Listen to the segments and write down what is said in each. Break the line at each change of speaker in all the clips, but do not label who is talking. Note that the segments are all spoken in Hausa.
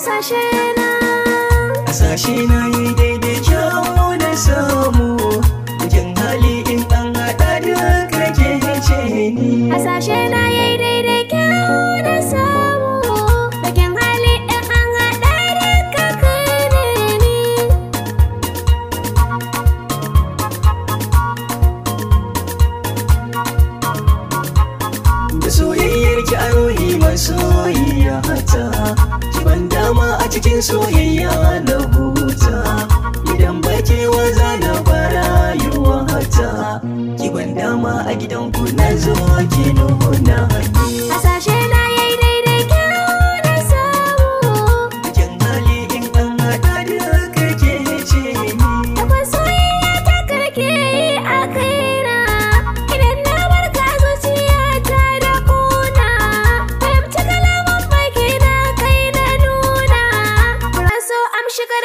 hasashe na hasashe na yi daidai kyau da samu wajen hali in an haɗa duk rage ce ni hasashe na yi daidai kyau da samu wajen hali in an da duk kakane ni da soyayyar ki aro yi masoyi cikin soyayya na huta idan baki waza na barayuwa hata ki ban dama a gidan ku na zo ki nuna hannu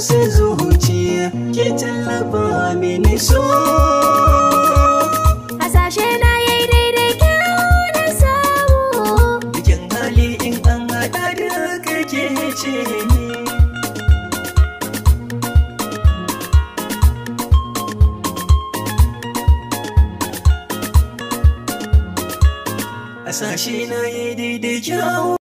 su zuciya ke tallafa mini so hasashe na yayi daidai kyau da samu bikin hali in an haɗa da kake ce ni hasashe na yayi daidai kyau